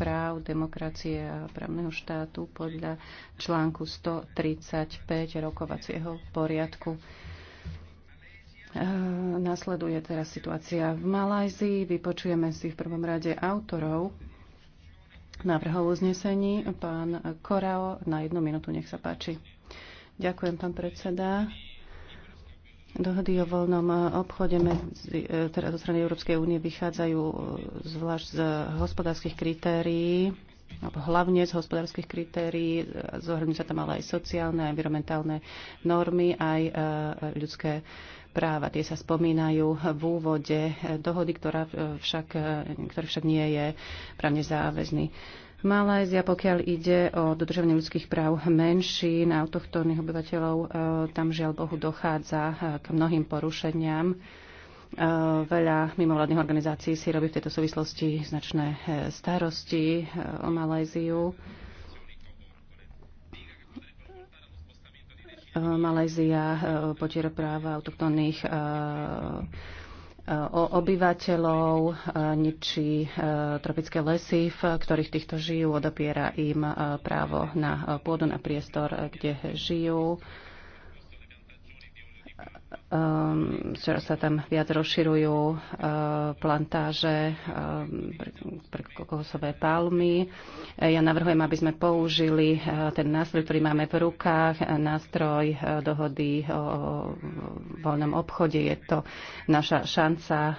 práv, demokracie a právneho štátu podľa článku 135 rokovacieho poriadku. E, nasleduje teraz situácia v Malajzii. Vypočujeme si v prvom rade autorov návrhov uznesení. Pán Korao, na jednu minútu, nech sa páči. Ďakujem, pán predseda. Dohody o voľnom e, obchode medzi, e, teda zo strany Európskej únie vychádzajú e, zvlášť z hospodárskych kritérií, alebo hlavne z hospodárskych kritérií, zohrňujú sa tam ale aj sociálne, environmentálne normy, aj ľudské práva. Tie sa spomínajú v úvode dohody, ktorá však, ktorý však nie je právne záväzný. Malajzia, pokiaľ ide o dodržovanie ľudských práv menšín a autochtónnych obyvateľov, e, tam žiaľ Bohu dochádza e, k mnohým porušeniam. E, veľa mimovládnych organizácií si robí v tejto súvislosti značné starosti o Malajziu. Malajzia potiera práva autochtónnych o obyvateľov, e, ničí e, tropické lesy, v ktorých týchto žijú, odopiera im e, právo na pôdu, na priestor, kde žijú um, sa tam viac rozširujú uh, plantáže um, pre kokosové palmy. Ja navrhujem, aby sme použili uh, ten nástroj, ktorý máme v rukách, nástroj uh, dohody o voľnom obchode. Je to naša šanca uh,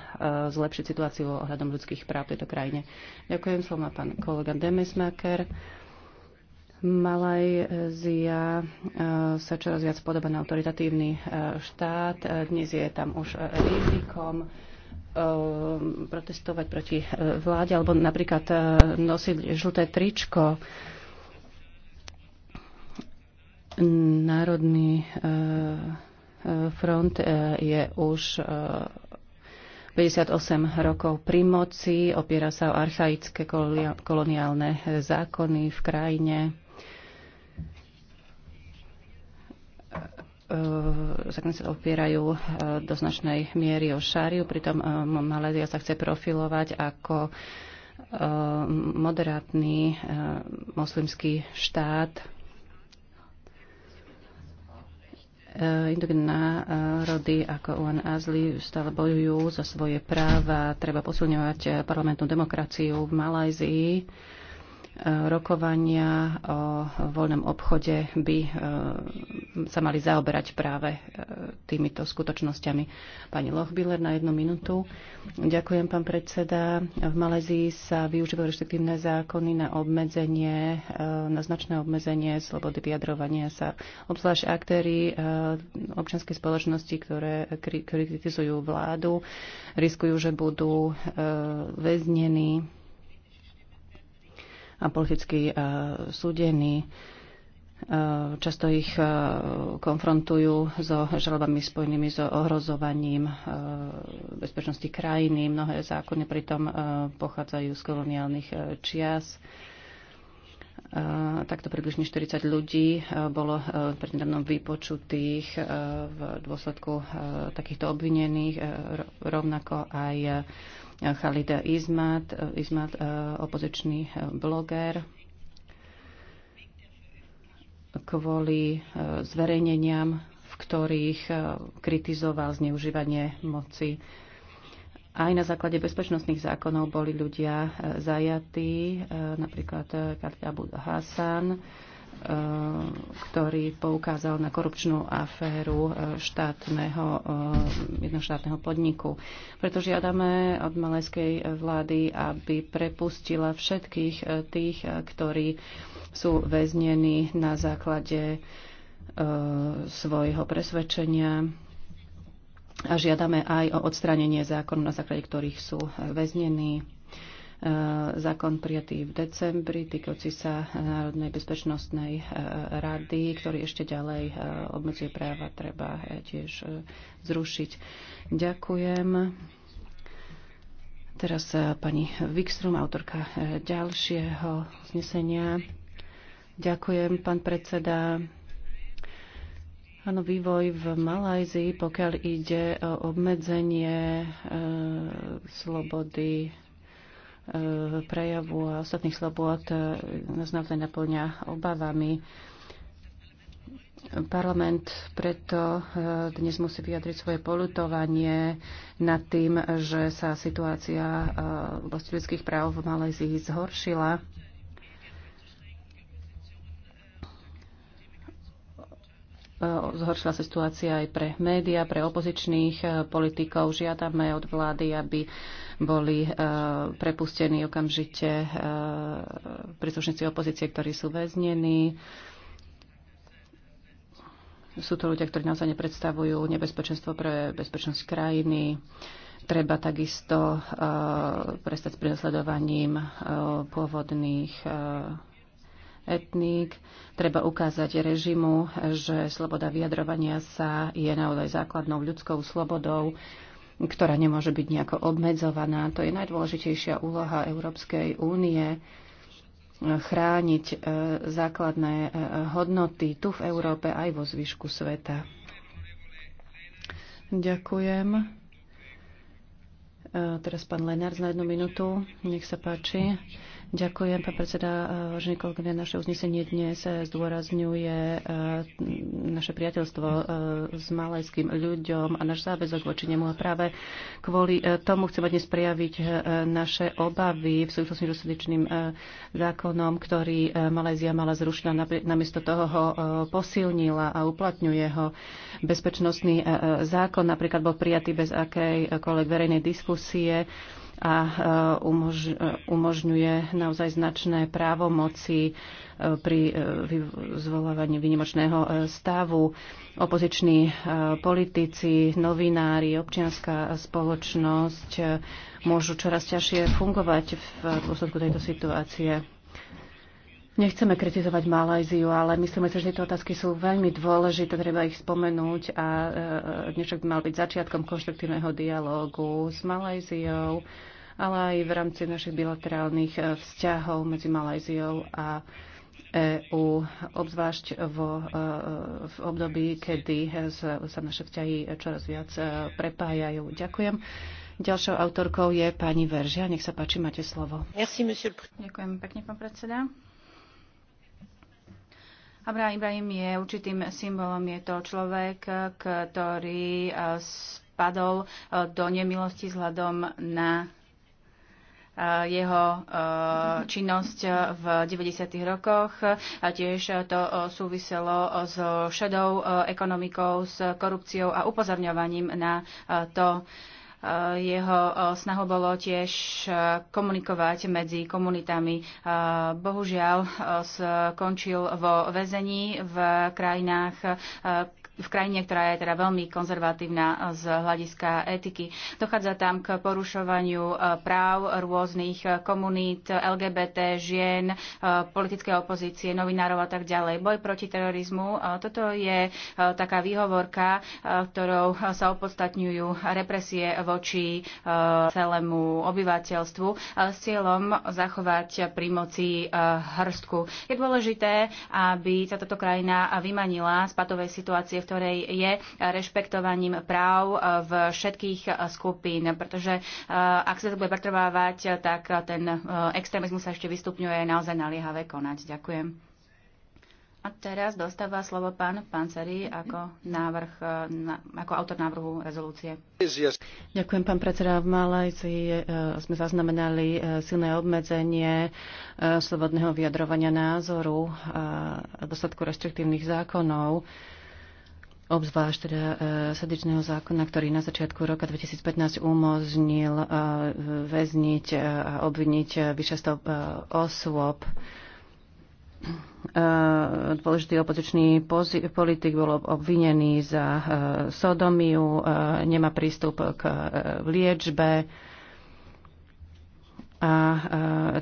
zlepšiť situáciu ohľadom ľudských práv v tejto krajine. Ďakujem, slovo má pán kolega Demesmaker. Malajzia eh, sa čoraz viac podoba na autoritatívny eh, štát. Eh, dnes je tam už rizikom protestovať proti vláde alebo napríklad nosiť žlté tričko. Národný front je už 58 rokov pri moci, opiera sa o archaické koloniálne zákony v krajine zákony eh, sa opierajú eh, do značnej miery o šáriu, pritom eh, Malézia sa chce profilovať ako moderátny moslimský štát. Indogénne národy ako UN Azli stále bojujú za svoje práva. Treba posilňovať parlamentnú demokraciu v Malajzii rokovania o voľnom obchode by e, sa mali zaoberať práve e, týmito skutočnosťami. Pani Lochbiller na jednu minútu. Ďakujem, pán predseda. V Malezii sa využívajú reštriktívne zákony na obmedzenie, e, na značné obmedzenie slobody vyjadrovania sa. Obzvlášť aktéry občianskej spoločnosti, ktoré kritizujú vládu, riskujú, že budú väznení a politicky e, súdení. E, často ich e, konfrontujú so žalobami spojenými s so ohrozovaním bezpečnosti krajiny. Mnohé zákony pritom pochádzajú z koloniálnych čias. Takto približne 40 ľudí bolo prednedávno vypočutých v dôsledku takýchto obvinených, rovnako aj Khalid Izmat, Izmat e, opozičný e, bloger, kvôli e, zverejneniam, v ktorých kritizoval zneužívanie moci. Aj na základe bezpečnostných zákonov boli ľudia zajatí, napríklad Khalid Abu Hassan, Eh, ktorý poukázal na korupčnú aféru eh, štátneho, eh, jednoštátneho podniku. Preto žiadame od malajskej vlády, aby prepustila všetkých tých, ktorí sú väznení na základe svojho presvedčenia a žiadame aj o odstranenie zákonu na základe ktorých sú väznení zákon prijatý v decembri, týkajúci sa Národnej bezpečnostnej e, rady, ktorý ešte ďalej e, obmedzuje práva, treba e, tiež zrušiť. Ďakujem. Teraz pani Wikström, autorka ďalšieho znesenia. Ďakujem, pán predseda. Áno, vývoj v Malajzii, pokiaľ ide o obmedzenie e, slobody Eh, prejavu a ostatných slobod eh, nás naozaj naplňa obavami. Parlament preto eh, dnes musí vyjadriť svoje polutovanie nad tým, že sa situácia v oblasti ľudských práv v Malézii zhoršila Eh, zhoršila sa situácia aj pre médiá, pre opozičných eh, politikov. Žiadame od vlády, aby boli eh, prepustení okamžite príslušníci opozície, ktorí sú väznení. Sú to ľudia, ktorí naozaj nepredstavujú nebezpečenstvo pre bezpečnosť krajiny. Treba takisto prestať s prenasledovaním pôvodných etník. Treba ukázať režimu, že sloboda vyjadrovania sa je naozaj základnou ľudskou slobodou, ktorá nemôže byť nejako obmedzovaná. To je najdôležitejšia úloha Európskej únie chrániť e, základné e, hodnoty tu v Európe aj vo zvyšku sveta. Ďakujem. E, teraz pán Lenár na jednu minútu. Nech sa páči. Ďakujem, pán predseda. Eh, vážení kolegovia, naše uznesenie dnes eh, zdôrazňuje eh, naše priateľstvo s malajským ľuďom a náš záväzok voči nemu. A práve kvôli tomu chceme dnes prejaviť naše obavy v súvislosti s rozsudečným zákonom, ktorý Malajzia mala zrušila, namiesto toho ho posilnila a uplatňuje ho. Bezpečnostný zákon napríklad bol prijatý bez akejkoľvek verejnej diskusie a e, umož, e, umožňuje naozaj značné právomoci e, pri zvolávaní výnimočného stavu. Opoziční politici, novinári, občianská spoločnosť môžu čoraz ťažšie fungovať v dôsledku tejto situácie. Nechceme kritizovať Malajziu, ale myslíme si, že tieto otázky sú veľmi dôležité, treba ich spomenúť a e, e, dnešok by mal byť začiatkom konštruktívneho dialógu s Malajziou, ale aj v rámci našich bilaterálnych e, vzťahov medzi Malajziou a EU, obzvlášť vo, v období, kedy sa naše vzťahy čoraz viac prepájajú. Ďakujem. Ďalšou autorkou je pani Veržia. Nech sa páči, máte slovo. Ďakujem pekne, pán predseda. Abraham Ibrahim je určitým symbolom. Je to človek, ktorý e, spadol e, do nemilosti vzhľadom na e, jeho činnosť v 90. rokoch. A tiež to súviselo s šedou ekonomikou, s korupciou a upozorňovaním na to, Eh, jeho eh, snahou bolo tiež eh, komunikovať medzi komunitami. Bohužiaľ skončil vo väzení v krajinách, v krajine, ktorá je teda veľmi konzervatívna z hľadiska etiky. Dochádza tam k porušovaniu e, práv rôznych e, komunít, LGBT, žien, e, politické opozície, novinárov a tak ďalej. Boj proti terorizmu, toto je taká výhovorka, ktorou sa opodstatňujú represie voči celému obyvateľstvu s cieľom zachovať pri moci hrstku. Je dôležité, aby sa táto krajina vymanila z patovej situácie, v ktorej je rešpektovaním práv e, v všetkých e, skupín, pretože e, ak sa to bude pretrvávať, tak ten extrémizmus sa ešte vystupňuje naozaj naliehavé konať. Ďakujem. A teraz dostáva slovo pán Panceri ako, návrh, ako autor návrhu rezolúcie. Ďakujem, pán predseda. V Malajzii sme zaznamenali silné obmedzenie slobodného vyjadrovania názoru v dôsledku reštriktívnych zákonov obzvlášť teda e, sadičného zákona, ktorý na začiatku roka 2015 umožnil e, väzniť e, a obviniť vyše 100 osôb. Dôležitý opozičný politik bol obvinený za sodomiu, nemá prístup k liečbe a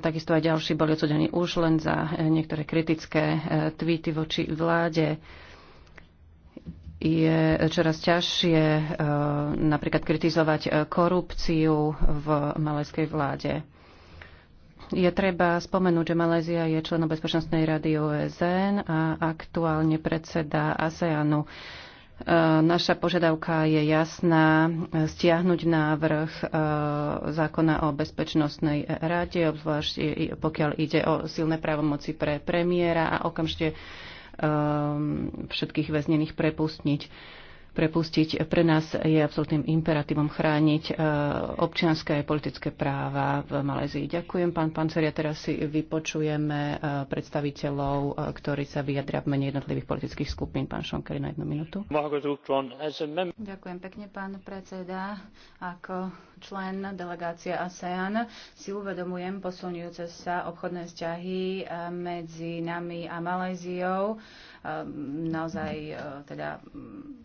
takisto aj ďalší boli odsudení už len za niektoré kritické tweety voči vláde je čoraz ťažšie e, napríklad kritizovať e, korupciu v malajskej vláde. Je treba spomenúť, že Malézia je členom Bezpečnostnej rady OSN a aktuálne predseda ASEANu. E, naša požiadavka je jasná, stiahnuť návrh zákona o Bezpečnostnej rade, obzvlášť pokiaľ ide o silné právomoci pre premiéra a okamžite Um, všetkých väznených prepustniť prepustiť. Pre nás je absolútnym imperatívom chrániť e, občianské a politické práva v Malézii. Ďakujem, pán Panceria. Teraz si vypočujeme e, predstaviteľov, e, ktorí sa vyjadria v mene jednotlivých politických skupín. Pán Šonker, na jednu minútu. Ďakujem pekne, pán predseda. Ako člen delegácie ASEAN si uvedomujem posilňujúce sa obchodné vzťahy medzi nami a Maléziou Ehm, naozaj e, teda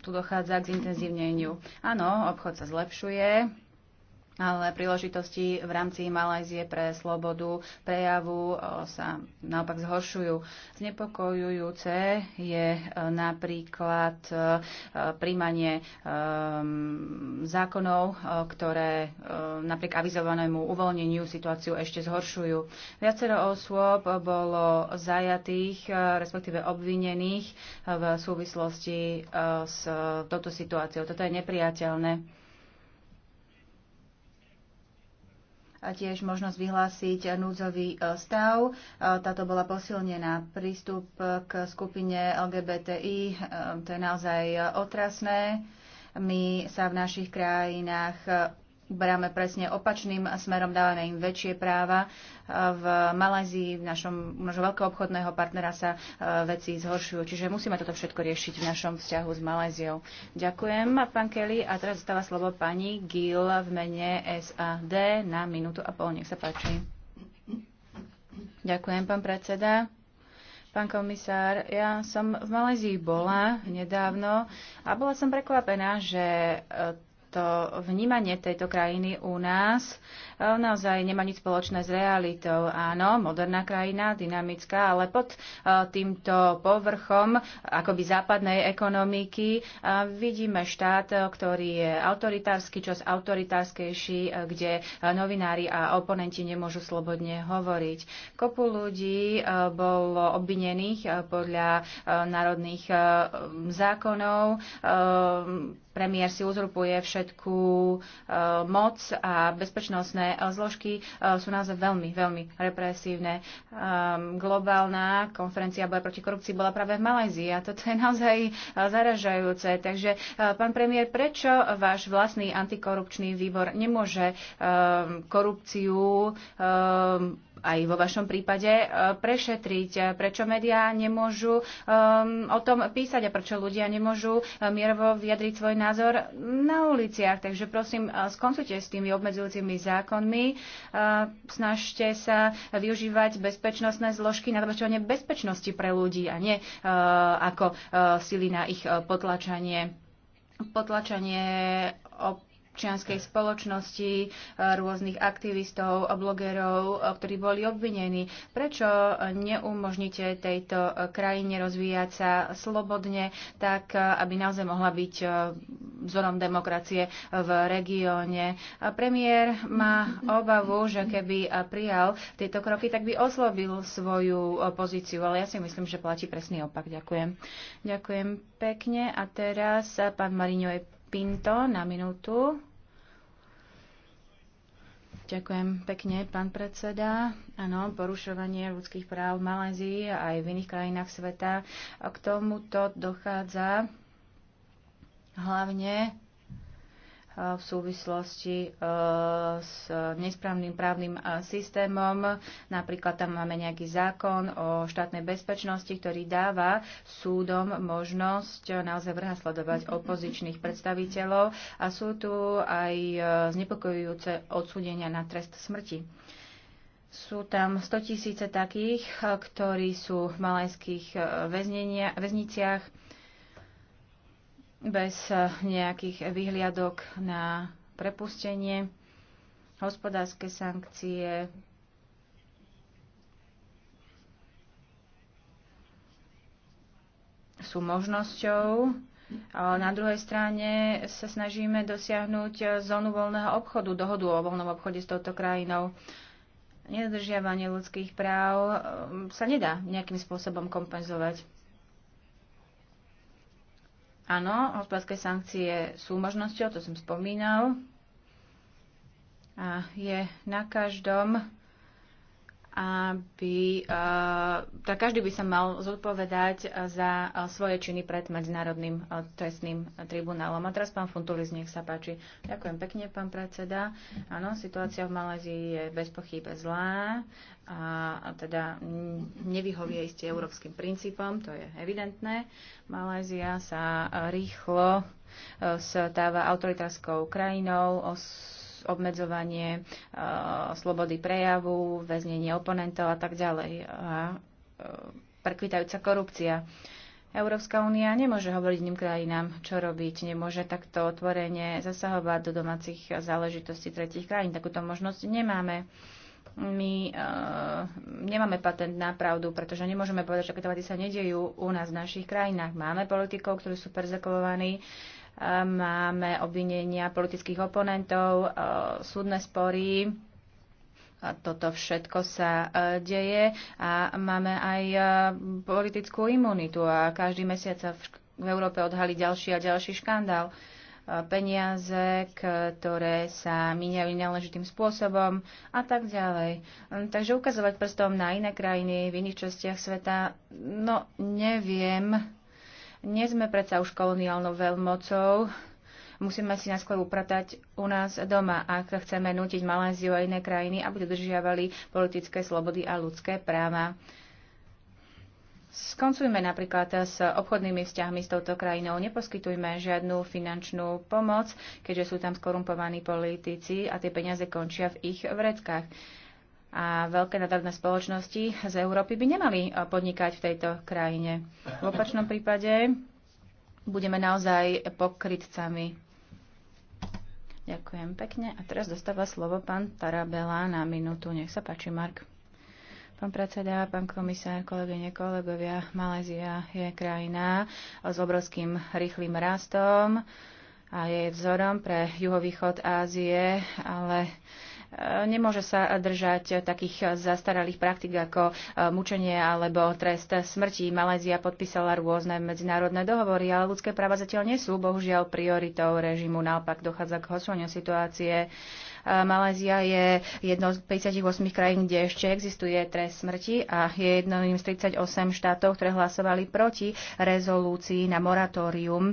tu dochádza k zintenzívneniu. Áno, obchod sa zlepšuje, ale príležitosti v rámci Malajzie pre slobodu prejavu eh, sa naopak zhoršujú. Znepokojujúce je eh, napríklad eh, príjmanie ehm, zákonov, ktoré napriek avizovanému uvoľneniu situáciu ešte zhoršujú. Viacero osôb bolo zajatých, respektíve obvinených v súvislosti s touto situáciou. Toto je nepriateľné. tiež možnosť vyhlásiť núdzový e, stav. E, táto bola posilnená. Prístup k skupine LGBTI, e, to je naozaj otrasné. My sa v našich krajinách beráme presne opačným smerom, dávame im väčšie práva. V Malajzii, v našom veľkého obchodného partnera sa e, veci zhoršujú. Čiže musíme toto všetko riešiť v našom vzťahu s Malajziou. Ďakujem, pán Kelly. A teraz zostáva slovo pani Gil v mene SAD na minútu a pol. Nech sa páči. Ďakujem, pán predseda. Pán komisár, ja som v Malézii bola nedávno a bola som prekvapená, že e, to vnímanie tejto krajiny u nás e, naozaj nemá nič spoločné s realitou. Áno, moderná krajina, dynamická, ale pod e, týmto povrchom akoby západnej ekonomiky e, vidíme štát, ktorý je autoritársky, čo autoritárskejší, kde novinári a oponenti nemôžu slobodne hovoriť. Kopu ľudí bolo obvinených podľa národných zákonov. Premiér si uzrupuje všetko dôsledku e, moc a bezpečnostné zložky e, sú naozaj veľmi, veľmi represívne. E, globálna konferencia boja proti korupcii bola práve v Malajzii a toto je naozaj zaražajúce. Takže, pán premiér, prečo váš vlastný antikorupčný výbor nemôže korupciu aj vo vašom prípade e, prešetriť, e, prečo médiá nemôžu e, o tom písať a prečo ľudia nemôžu mierovo vyjadriť svoj názor na uliciach. Takže prosím, skoncujte s tými obmedzujúcimi zákonmi, snažte sa využívať bezpečnostné zložky na zabezpečovanie bezpečnosti pre ľudí a nie ako sily na ich potlačanie potlačanie op- občianskej spoločnosti, eh, rôznych aktivistov, blogerov, eh, ktorí boli obvinení. Prečo eh, neumožnite tejto krajine rozvíjať sa slobodne, tak aby naozaj mohla byť vzorom demokracie v regióne? Premiér má obavu, že keby prijal tieto kroky, tak by oslobil svoju pozíciu, ale ja si myslím, že platí presný opak. Ďakujem. Ďakujem pekne. A teraz pán Mariňo je Pinto na minútu. Ďakujem pekne, pán predseda. Áno, porušovanie ľudských práv v Malézii a aj v iných krajinách sveta. A k tomuto dochádza hlavne v súvislosti e, s nesprávnym právnym e, systémom. Napríklad tam máme nejaký zákon o štátnej bezpečnosti, ktorý dáva súdom možnosť naozaj vrha sledovať opozičných predstaviteľov a sú tu aj e, znepokojujúce odsúdenia na trest smrti. Sú tam 100 tisíce takých, ktorí sú v malajských väzniciach bez eh, nejakých vyhliadok na prepustenie, hospodárske sankcie, sú možnosťou, ale na druhej strane sa snažíme dosiahnuť eh, zónu voľného obchodu, dohodu o voľnom obchode s touto krajinou. Nedodržiavanie ľudských práv eh, sa nedá nejakým spôsobom kompenzovať. Áno, hospodárske sankcie sú možnosťou, to som spomínal. A je na každom, aby eh, tak teda každý by sa mal zodpovedať eh, za eh, svoje činy pred Medzinárodným trestným tribunálom. A teraz pán Funtulis, nech sa páči. Ďakujem pekne, pán predseda. Áno, situácia v Malézii je bez pochybe zlá a teda nevyhovie iste európskym princípom, to je evidentné. Malézia sa rýchlo stáva autoritárskou krajinou, os obmedzovanie e, slobody prejavu, väznenie oponentov a tak ďalej. A e, prekvitajúca korupcia. Európska únia nemôže hovoriť iným krajinám, čo robiť, nemôže takto otvorene zasahovať do domácich záležitostí tretich krajín. Takúto možnosť nemáme. My e, nemáme patent na pravdu, pretože nemôžeme povedať, že takéto sa nedejú u nás v našich krajinách. Máme politikov, ktorí sú perzekovovaní máme obvinenia politických oponentov, e, súdne spory, toto všetko sa e, deje a máme aj e, politickú imunitu a každý mesiac sa v Európe odhalí ďalší a ďalší škandál peniaze, ktoré sa míňajú náležitým spôsobom a tak ďalej. Takže ukazovať prstom na iné krajiny v iných častiach sveta, no neviem, nie sme predsa už koloniálnou veľmocou, musíme si najskôr upratať u nás doma, ak chceme nutiť Maléziu a iné krajiny, aby dodržiavali politické slobody a ľudské práva. Skoncujme napríklad s obchodnými vzťahmi s touto krajinou, neposkytujme žiadnu finančnú pomoc, keďže sú tam skorumpovaní politici a tie peniaze končia v ich vreckách a veľké nadradné spoločnosti z Európy by nemali e, podnikať v tejto krajine. V opačnom prípade budeme naozaj pokrytcami. Ďakujem pekne. A teraz dostáva slovo pán Tarabela na minútu. Nech sa páči, Mark. Pán predseda, pán komisár, kolegyne, kolegovia, Malézia je krajina s obrovským rýchlým rastom a je vzorom pre juhovýchod Ázie, ale nemôže sa držať takých zastaralých praktik ako e, mučenie alebo trest smrti. Malézia podpísala rôzne medzinárodné dohovory, ale ľudské práva zatiaľ nie sú bohužiaľ prioritou režimu. Naopak dochádza k horšovaniu situácie. E, Malézia je jedno z 58 krajín, kde ešte existuje trest smrti a je jedným z 38 štátov, ktoré hlasovali proti rezolúcii na moratórium e,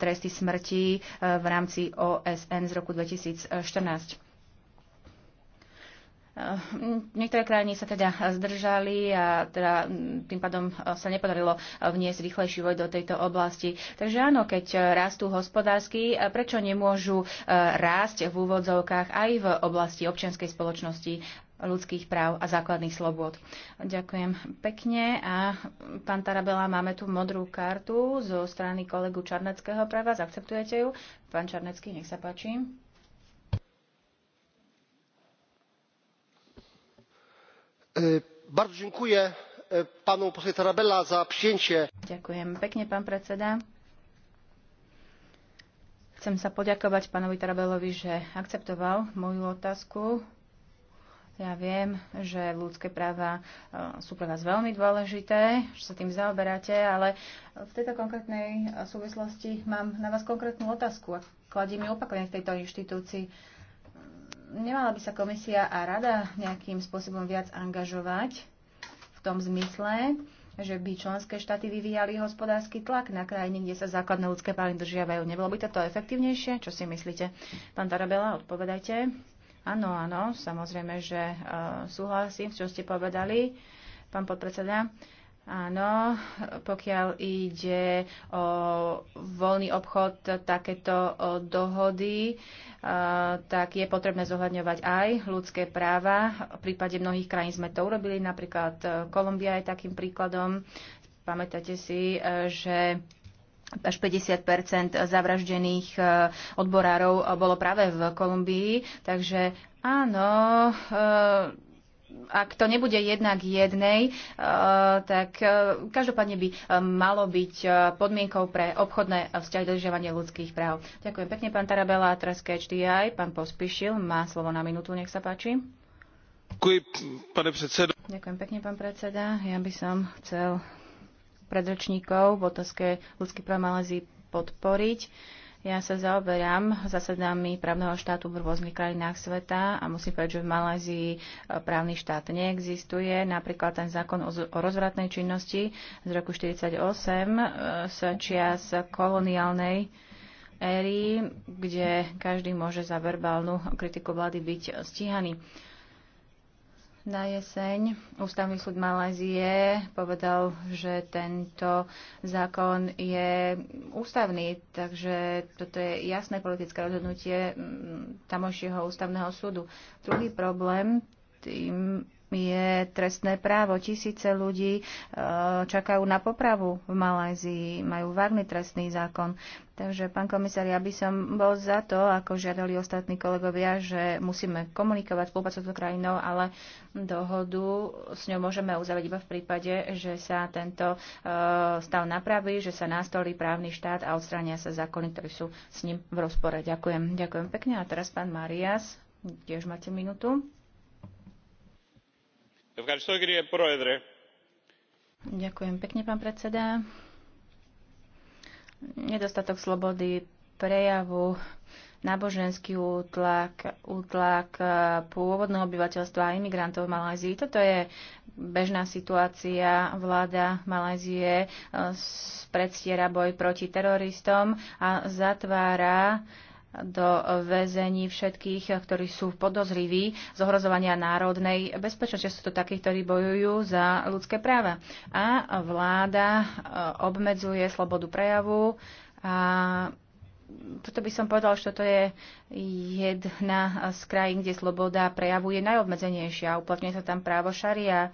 tresty smrti v rámci OSN z roku 2014. Eh, niektoré krajiny sa teda zdržali a teda mm, tým pádom eh, sa nepodarilo eh, vniesť rýchlejší voj do tejto oblasti. Takže áno, keď rastú hospodársky, prečo nemôžu rásť v úvodzovkách aj v oblasti občianskej spoločnosti ľudských práv a základných slobôd. Ďakujem pekne. A mm, pán Tarabela, máme tu modrú kartu zo strany kolegu Čarneckého práva. Zakceptujete ju? Pán Čarnecký, nech sa páči. E, bardzo dziękuję e, panu posłowi tarabella za przyjęcie. ďakujem pekne pán predseda. Chcem sa poďakovať pánovi Tarabelovi, že akceptoval moju otázku. Ja viem, že ľudské práva e, sú pre vás veľmi dôležité, že sa tým zaoberáte, ale v tejto konkrétnej súvislosti mám na vás konkrétnu otázku a kladím ju opakovane v tejto inštitúcii nemala by sa komisia a rada nejakým spôsobom viac angažovať v tom zmysle, že by členské štáty vyvíjali hospodársky tlak na krajiny, kde sa základné ľudské práva držiavajú. Nebolo by toto efektívnejšie? Čo si myslíte? Pán Tarabela, odpovedajte. Áno, áno, samozrejme, že uh, súhlasím, čo ste povedali, pán podpredseda. Uh, Áno, pokiaľ ide o voľný obchod takéto dohody, tak je potrebné zohľadňovať aj ľudské práva. V prípade mnohých krajín sme to urobili, napríklad e, Kolumbia je takým príkladom. Pamätáte si, e, že až 50 zavraždených e, odborárov bolo práve v Kolumbii. Takže áno, ak to nebude jednak jednej, eh, tak eh, každopádne by eh, malo byť podmienkou pre obchodné vzťahy dodržiavanie ľudských práv. Ďakujem pekne, pán Tarabela. Teraz KHDI, pán Pospišil, má slovo na minútu, nech sa páči. Ďakujem, pane predseda. Ďakujem pekne, pán predseda. Ja by som chcel predrečníkov v otázke ľudských práv Malézy podporiť ja sa zaoberám zásadami právneho štátu v rôznych krajinách sveta a musím povedať, že v Malézii e, právny štát neexistuje. Napríklad ten zákon o rozvratnej činnosti z roku 1948 sa čias koloniálnej éry, kde každý môže za verbálnu kritiku vlády byť stíhaný. Na jeseň Ústavný súd Malázie povedal, že tento zákon je ústavný, takže toto je jasné politické rozhodnutie mm, tamojšieho ústavného súdu. Druhý problém tým je trestné právo. Tisíce ľudí e, čakajú na popravu v Malajzii, majú vágny trestný zákon. Takže, pán komisár, ja by som bol za to, ako žiadali ostatní kolegovia, že musíme komunikovať, spolupracovať s krajinou, ale dohodu s ňou môžeme uzavrieť iba v prípade, že sa tento e, stav napraví, že sa nastolí právny štát a odstrania sa zákony, ktorí sú s ním v rozpore. Ďakujem. Ďakujem pekne. A teraz pán Marias, tiež máte minútu. Ďakujem pekne, pán predseda. Nedostatok slobody prejavu, náboženský útlak, útlak eh, pôvodného obyvateľstva a imigrantov v Malajzii. Toto je bežná situácia. Vláda Malajzie eh, predstiera boj proti teroristom a zatvára do väzení všetkých, ktorí sú podozriví z ohrozovania národnej bezpečnosti. Sú to takí, ktorí bojujú za ľudské práva. A vláda e, obmedzuje slobodu prejavu a preto by som povedal, že toto je jedna z krajín, kde sloboda prejavu je najobmedzenejšia. Uplatňuje sa tam právo šaria.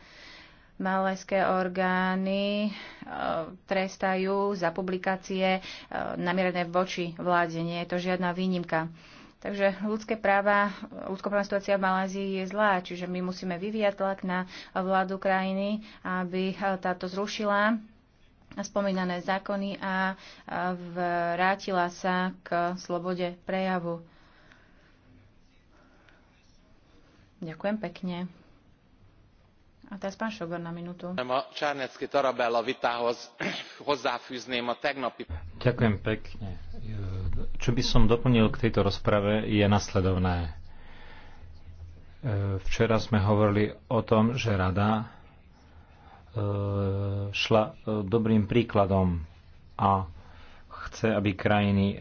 Malajské orgány eh, trestajú za publikácie eh, namierené voči vláde. Nie je to žiadna výnimka. Takže ľudské práva, ľudskoprávna situácia v Malázii je zlá, čiže my musíme vyvíjať tlak na vládu krajiny, aby eh, táto zrušila spomínané zákony a vrátila sa k slobode prejavu. Ďakujem pekne. A teraz na Tarabella vitához hozzáfűzném a tegnapi... Ďakujem pekne. Čo by som doplnil k tejto rozprave je nasledovné. Včera sme hovorili o tom, že rada e, šla e, dobrým príkladom a chce, aby krajiny e,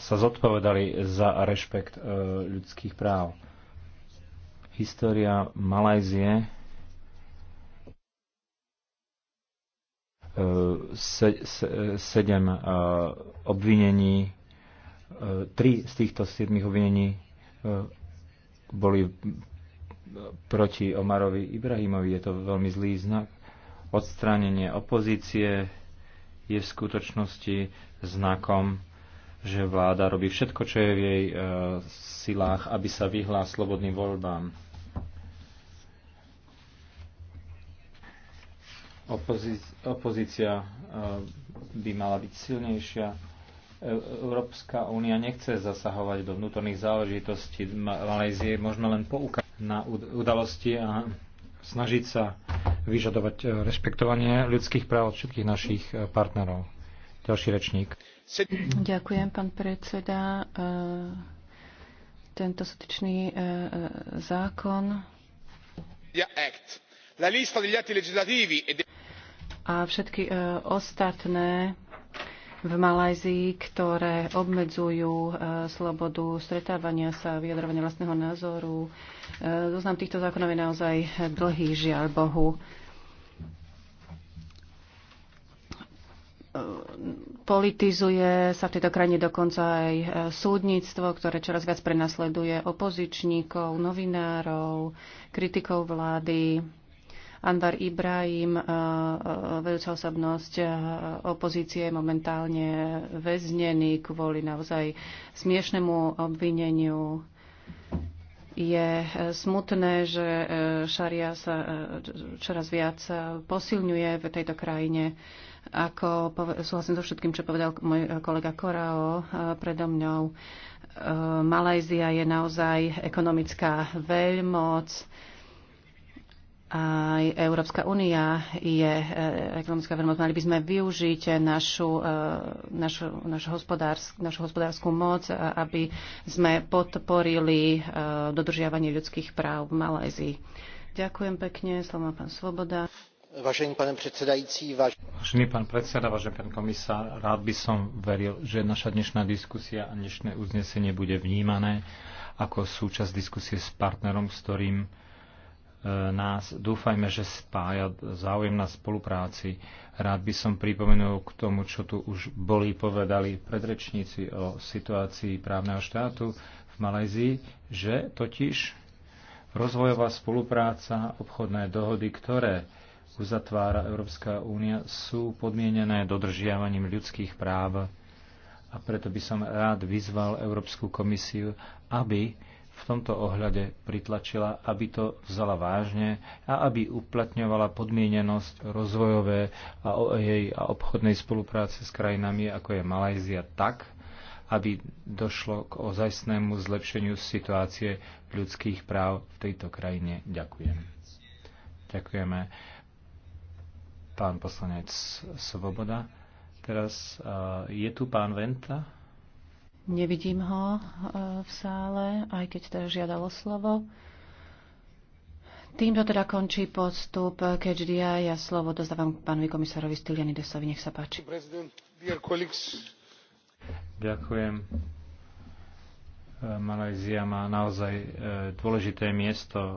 sa zodpovedali za rešpekt ľudských práv. História Malajzie sedem eh, obvinení, eh, tri z týchto siedmých obvinení eh, boli proti Omarovi Ibrahimovi. Je to veľmi zlý znak. Odstránenie opozície je v skutočnosti znakom, že vláda robí všetko, čo je v jej silách, aby sa vyhlá slobodným voľbám. Opozícia, opozícia e, by mala byť silnejšia. E, Európska únia nechce zasahovať do vnútorných záležitostí Malézie, možno len poukázať na udalosti a snažiť sa vyžadovať e, rešpektovanie ľudských práv od všetkých našich partnerov. Ďalší rečník. Ďakujem, pán predseda. Tento sotičný zákon. Ja, act. La lista degli atti legislativi e a všetky e, ostatné v Malajzii, ktoré obmedzujú e, slobodu stretávania sa, vyjadrovania vlastného názoru. E, zoznam týchto zákonov je naozaj dlhý, žiaľ Bohu. Politizuje sa v tejto krajine dokonca aj súdnictvo, ktoré čoraz viac prenasleduje opozičníkov, novinárov, kritikov vlády, Anvar Ibrahim, vedúca osobnosť opozície, je momentálne väznený kvôli naozaj smiešnemu obvineniu je e, smutné, že e, šaria sa e, čoraz viac posilňuje v tejto krajine. Ako súhlasím so všetkým, čo povedal môj kolega Korao predo mňou, Malajzia je naozaj ekonomická veľmoc aj Európska únia je e, ekonomická veľmoc. Mali by sme využiť našu, e, našu, našu, hospodársk, našu hospodárskú moc, e, aby sme podporili dodržiavanie ľudských práv v Malézii. Ďakujem pekne. Slovo pán Svoboda. Vážený pán predsedajúci, váž... Vážený pán predseda, vážený pán komisár, rád by som veril, že naša dnešná diskusia a dnešné uznesenie bude vnímané ako súčasť diskusie s partnerom, s ktorým nás, dúfajme, že spája záujem na spolupráci. Rád by som pripomenul k tomu, čo tu už boli povedali predrečníci o situácii právneho štátu v Malajzii, že totiž rozvojová spolupráca, obchodné dohody, ktoré uzatvára Európska únia, sú podmienené dodržiavaním ľudských práv. A preto by som rád vyzval Európsku komisiu, aby v tomto ohľade pritlačila, aby to vzala vážne a aby uplatňovala podmienenosť rozvojové a o jej a obchodnej spolupráce s krajinami, ako je Malajzia, tak, aby došlo k ozajstnému zlepšeniu situácie ľudských práv v tejto krajine. Ďakujem. Ďakujeme. Pán poslanec Svoboda. Teraz je tu pán Venta. Nevidím ho e, v sále, aj keď teda žiadalo slovo. Týmto teda končí postup KHDI. Ja slovo dozdávam pánovi komisárovi Stylianidesovi. Nech sa páči. Ďakujem. Malajzia má naozaj e, dôležité miesto e,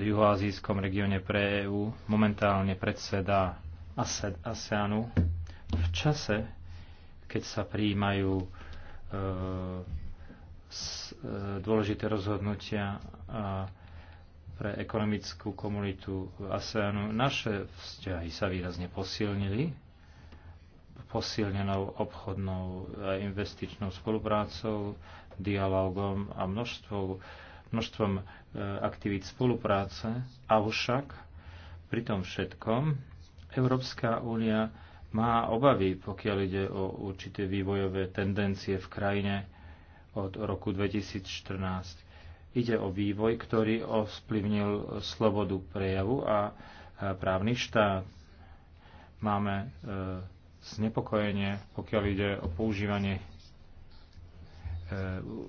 v juhoazijskom regióne pre EÚ. Momentálne predseda ASEANu. V čase, keď sa prijímajú E, e, dôležité rozhodnutia e, pre ekonomickú komunitu ASEANu. Naše vzťahy sa výrazne posilnili posilnenou obchodnou a investičnou spoluprácou, dialogom a množstvom, množstvom aktivít spolupráce. Avšak pri tom všetkom Európska únia má obavy, pokiaľ ide o určité vývojové tendencie v krajine od roku 2014. Ide o vývoj, ktorý ovplyvnil slobodu prejavu a právny štát. Máme e, znepokojenie, pokiaľ ide o používanie e,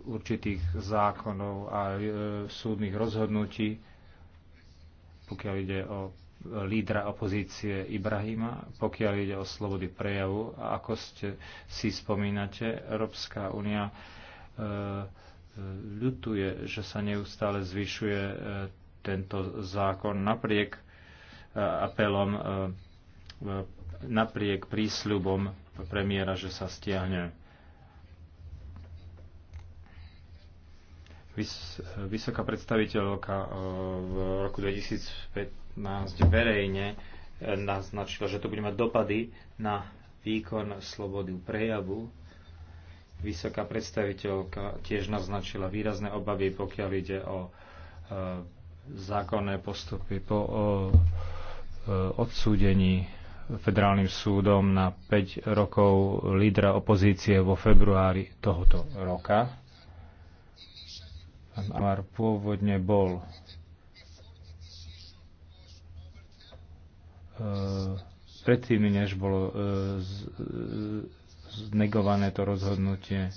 určitých zákonov a e, súdnych rozhodnutí, pokiaľ ide o lídra opozície Ibrahima, pokiaľ ide o slobody prejavu. A ako ste si spomínate, Európska únia e, e ľutuje, že sa neustále zvyšuje e, tento zákon napriek e, apelom, napriek prísľubom premiéra, že sa stiahne. Vysoká predstaviteľka v roku 2015 verejne eh, naznačila, že to bude mať dopady na výkon slobody prejavu. Vysoká predstaviteľka tiež naznačila výrazné obavy, pokiaľ ide o e, zákonné postupy po o, e, odsúdení federálnym súdom na 5 rokov lídra opozície vo februári tohoto roka. Pán Amar pôvodne bol E, predtým, než bolo e, e, znegované to rozhodnutie,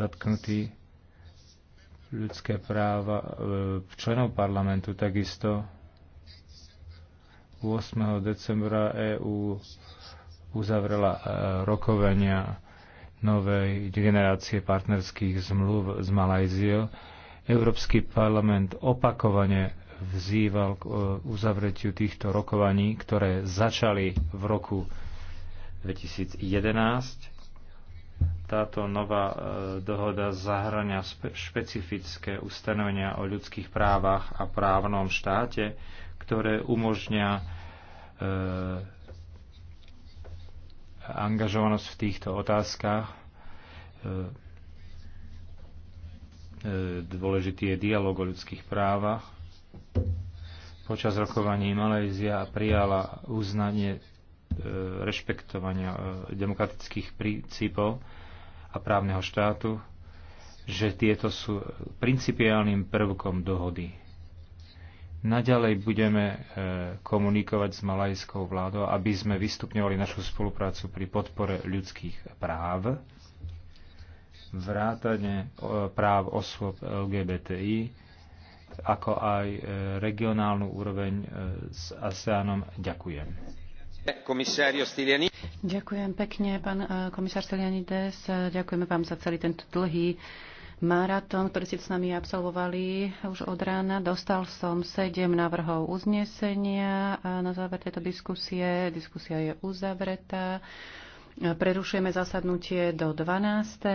zatknutí ľudské práva členov parlamentu takisto. 8. decembra EÚ uzavrela rokovania novej generácie partnerských zmluv z Malajziou. Európsky parlament opakovane vzýval k e, uzavretiu týchto rokovaní, ktoré začali v roku 2011. Táto nová e, dohoda zahrania špecifické ustanovenia o ľudských právach a právnom štáte, ktoré umožňa e, angažovanosť v týchto otázkach. Dôležitý je dialog o ľudských právach Počas rokovaní Malézia prijala uznanie e, rešpektovania e, demokratických princípov a právneho štátu, že tieto sú principiálnym prvkom dohody. Naďalej budeme e, komunikovať s malajskou vládou, aby sme vystupňovali našu spoluprácu pri podpore ľudských práv, vrátane práv osôb LGBTI, ako aj e, regionálnu úroveň e, s ASEANom. Ďakujem. Ďakujem pekne, pán e, komisár Stelianides. Ďakujeme vám za celý tento dlhý maratón, ktorý ste s nami absolvovali už od rána. Dostal som sedem návrhov uznesenia a na záver tejto diskusie. Diskusia je uzavretá. Prerušujeme zasadnutie do 12.